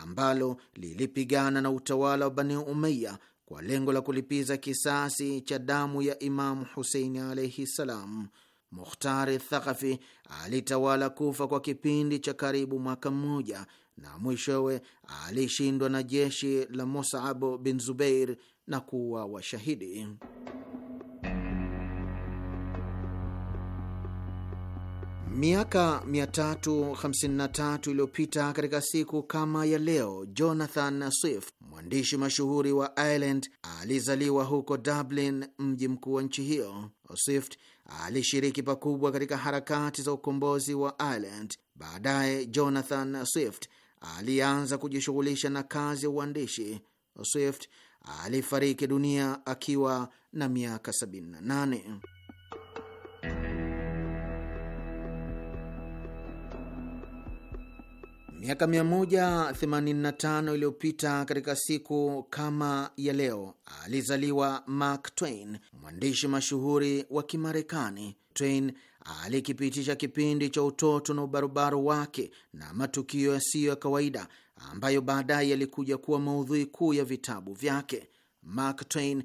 ambalo lilipigana na utawala wa Bani umeya kwa lengo la kulipiza kisasi cha damu ya Imamu Huseini alaihi ssalam. Mukhtari Thakafi alitawala Kufa kwa kipindi cha karibu mwaka mmoja, na mwishowe alishindwa na jeshi la Musab bin Zubair na kuwa washahidi. Miaka 353 iliyopita katika siku kama ya leo, Jonathan Swift mwandishi mashuhuri wa Ireland alizaliwa huko Dublin, mji mkuu wa nchi hiyo. Swift alishiriki pakubwa katika harakati za ukombozi wa Ireland. Baadaye Jonathan Swift alianza kujishughulisha na kazi ya uandishi. Swift alifariki dunia akiwa na miaka 78. Miaka 185 iliyopita katika siku kama ya leo alizaliwa Mark Twain, mwandishi mashuhuri wa Kimarekani. Twain alikipitisha kipindi cha utoto na ubarobaro wake na matukio yasiyo ya kawaida ambayo baadaye yalikuja kuwa maudhui kuu ya vitabu vyake. Mark Twain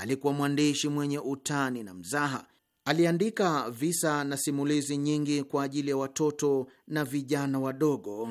alikuwa mwandishi mwenye utani na mzaha Aliandika visa na simulizi nyingi kwa ajili ya watoto na vijana wadogo.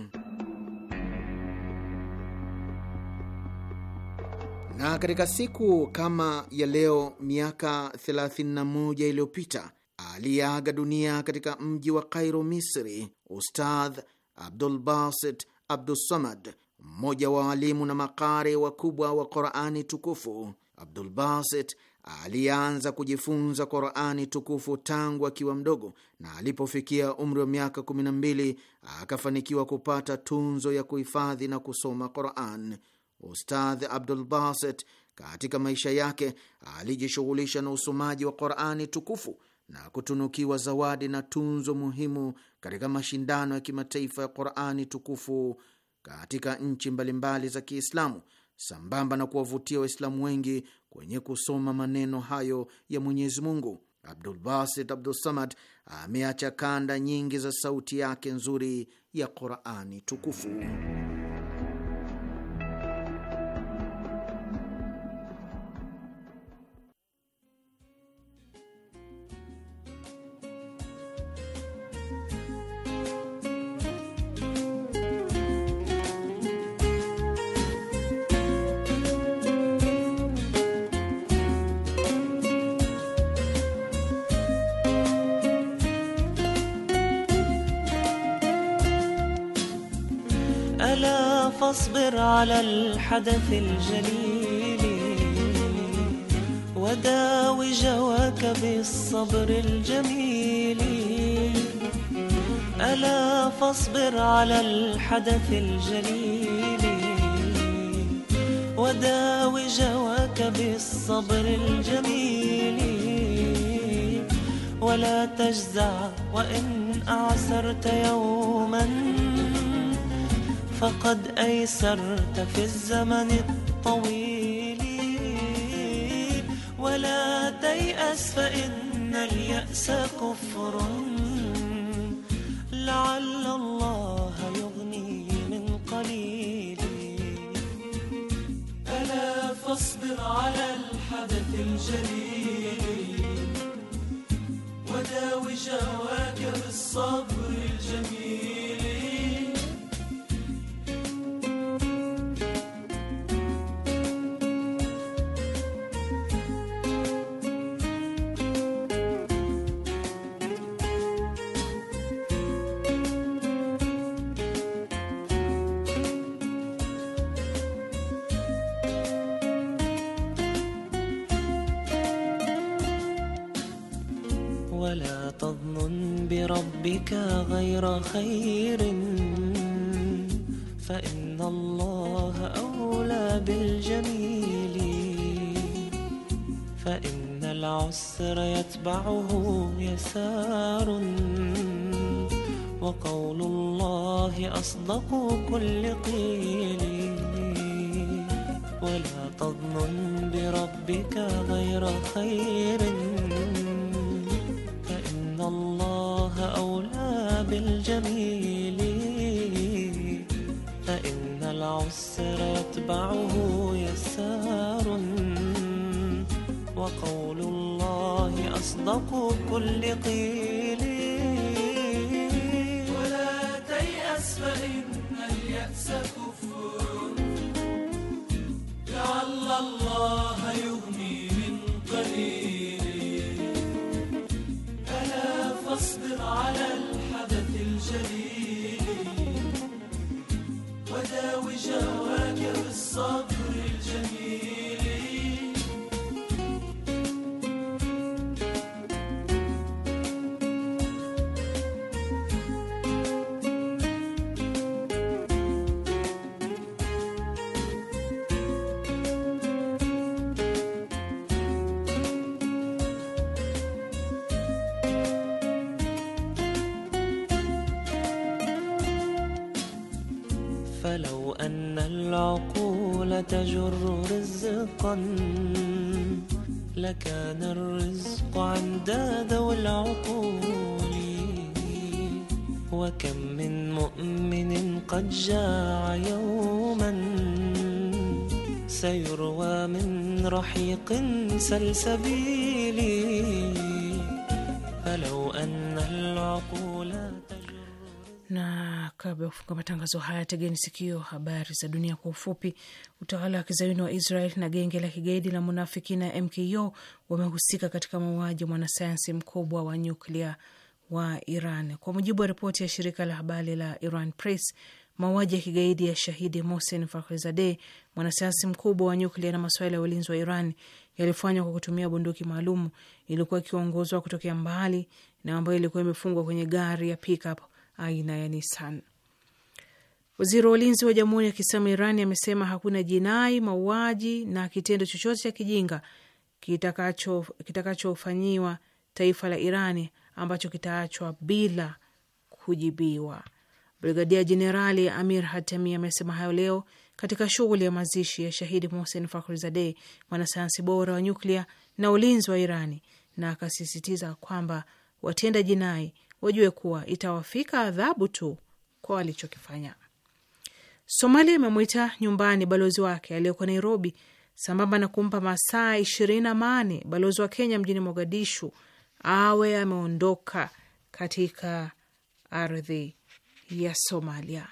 Na katika siku kama ya leo miaka 31 iliyopita aliyeaga dunia katika mji wa Kairo, Misri, Ustadh Abdul Basit Abdussamad, mmoja wa walimu na makare wakubwa wa Qurani Tukufu. Abdul Basit alianza kujifunza Qurani tukufu tangu akiwa mdogo, na alipofikia umri wa miaka 12 akafanikiwa kupata tunzo ya kuhifadhi na kusoma Quran. Ustadh Abdul Baset katika maisha yake alijishughulisha na usomaji wa Qurani tukufu na kutunukiwa zawadi na tunzo muhimu katika mashindano ya kimataifa ya Qurani tukufu katika nchi mbalimbali za Kiislamu, sambamba na kuwavutia Waislamu wengi kwenye kusoma maneno hayo ya Mwenyezi Mungu. Abdulbasit Abdussamad ameacha kanda nyingi za sauti yake nzuri ya Qurani tukufu. الحدث الجليل وداوي جواك بالصبر الجميل ألا فاصبر على الحدث الجليل وداوي جواك بالصبر الجميل ولا تجزع وإن أعسرت يوماً فقد أيسرت في الزمن الطويل ولا تيأس فإن اليأس كفر لعل الله يغني من قليل ألا فاصبر على الحدث الجليل غير خير فإن الله أولى بالجميل فإن العسر يتبعه يسار وقول الله أصدق كل قيل ولا لتجر رزقا لكان الرزق عند ذوي العقول وكم من مؤمن قد جاع يوما سيروى من رحيق سلسبيل kufunga matangazo haya, tegeni sikio, habari za dunia kwa ufupi. Utawala wa kizayuni wa Israel na genge la kigaidi la Munafiki na MKO wamehusika katika mauaji ya mwanasayansi mkubwa wa nyuklia wa Iran. Kwa mujibu wa ripoti ya shirika la habari la Iran Press, mauaji ya kigaidi ya shahidi Mohsen Fakhrizadeh, mwanasayansi mkubwa wa nyuklia na masuala ya ulinzi wa Iran, yalifanywa kwa kutumia bunduki maalum iliyokuwa ikiongozwa kutokea mbali na ambayo ilikuwa imefungwa kwenye gari ya pickup aina ya Nissan. Waziri wa ulinzi wa Jamhuri ya Kiislamu Irani amesema hakuna jinai, mauaji na kitendo chochote cha kijinga kitakachofanyiwa kitaka taifa la Irani ambacho kitaachwa bila kujibiwa. Brigadia Jenerali Amir Hatami amesema hayo leo katika shughuli ya mazishi ya shahidi Mohsen Fakhrizadeh, mwanasayansi bora wa nyuklia na ulinzi wa Irani, na akasisitiza kwamba watenda jinai wajue kuwa itawafika adhabu tu kwa walichokifanya. Somalia imemwita nyumbani balozi wake aliyoko Nairobi, sambamba na kumpa masaa ishirini na mane balozi wa Kenya mjini Mogadishu awe ameondoka katika ardhi ya Somalia.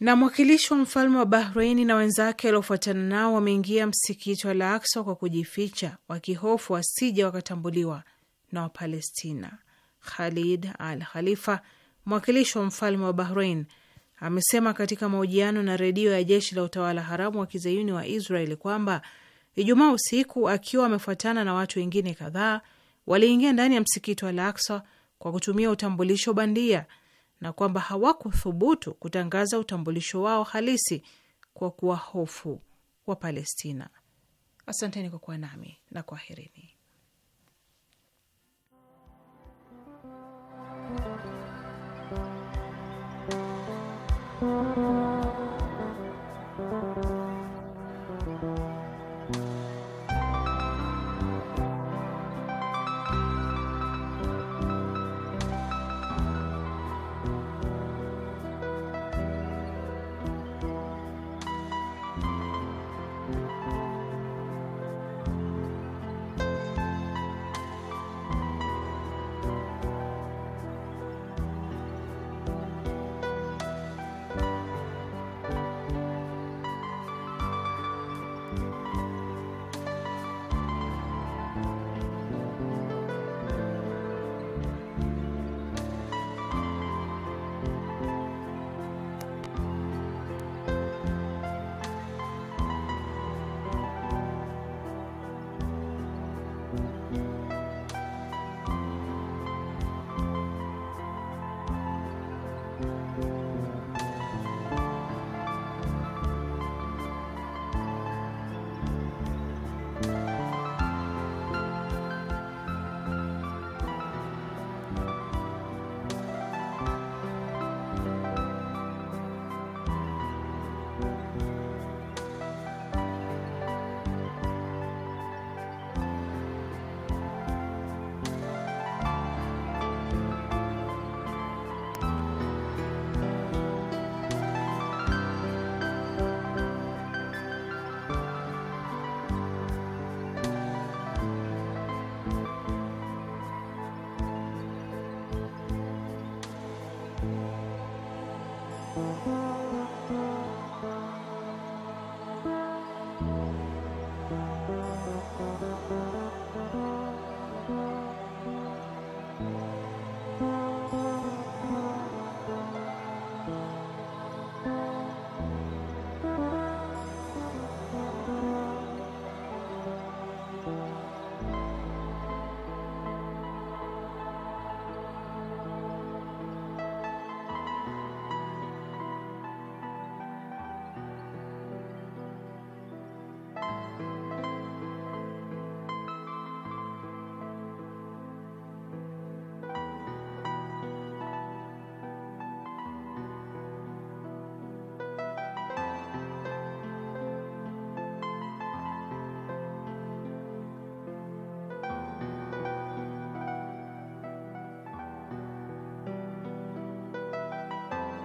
Na mwakilishi wa mfalme wa Bahreini na wenzake waliofuatana nao wameingia msikiti wa Al-Aqsa kwa kujificha, wakihofu wasija wakatambuliwa na Wapalestina. Khalid Al Khalifa Mwakilishi wa mfalme wa Bahrain amesema katika mahojiano na redio ya jeshi la utawala haramu wa kizayuni wa Israeli kwamba Ijumaa usiku akiwa amefuatana na watu wengine kadhaa waliingia ndani ya msikiti wa Al-Aqsa kwa kutumia utambulisho bandia na kwamba hawakuthubutu kutangaza utambulisho wao halisi kwa kuwa hofu wa Palestina. Asanteni kwa kuwa nami na kwaherini. Thank you.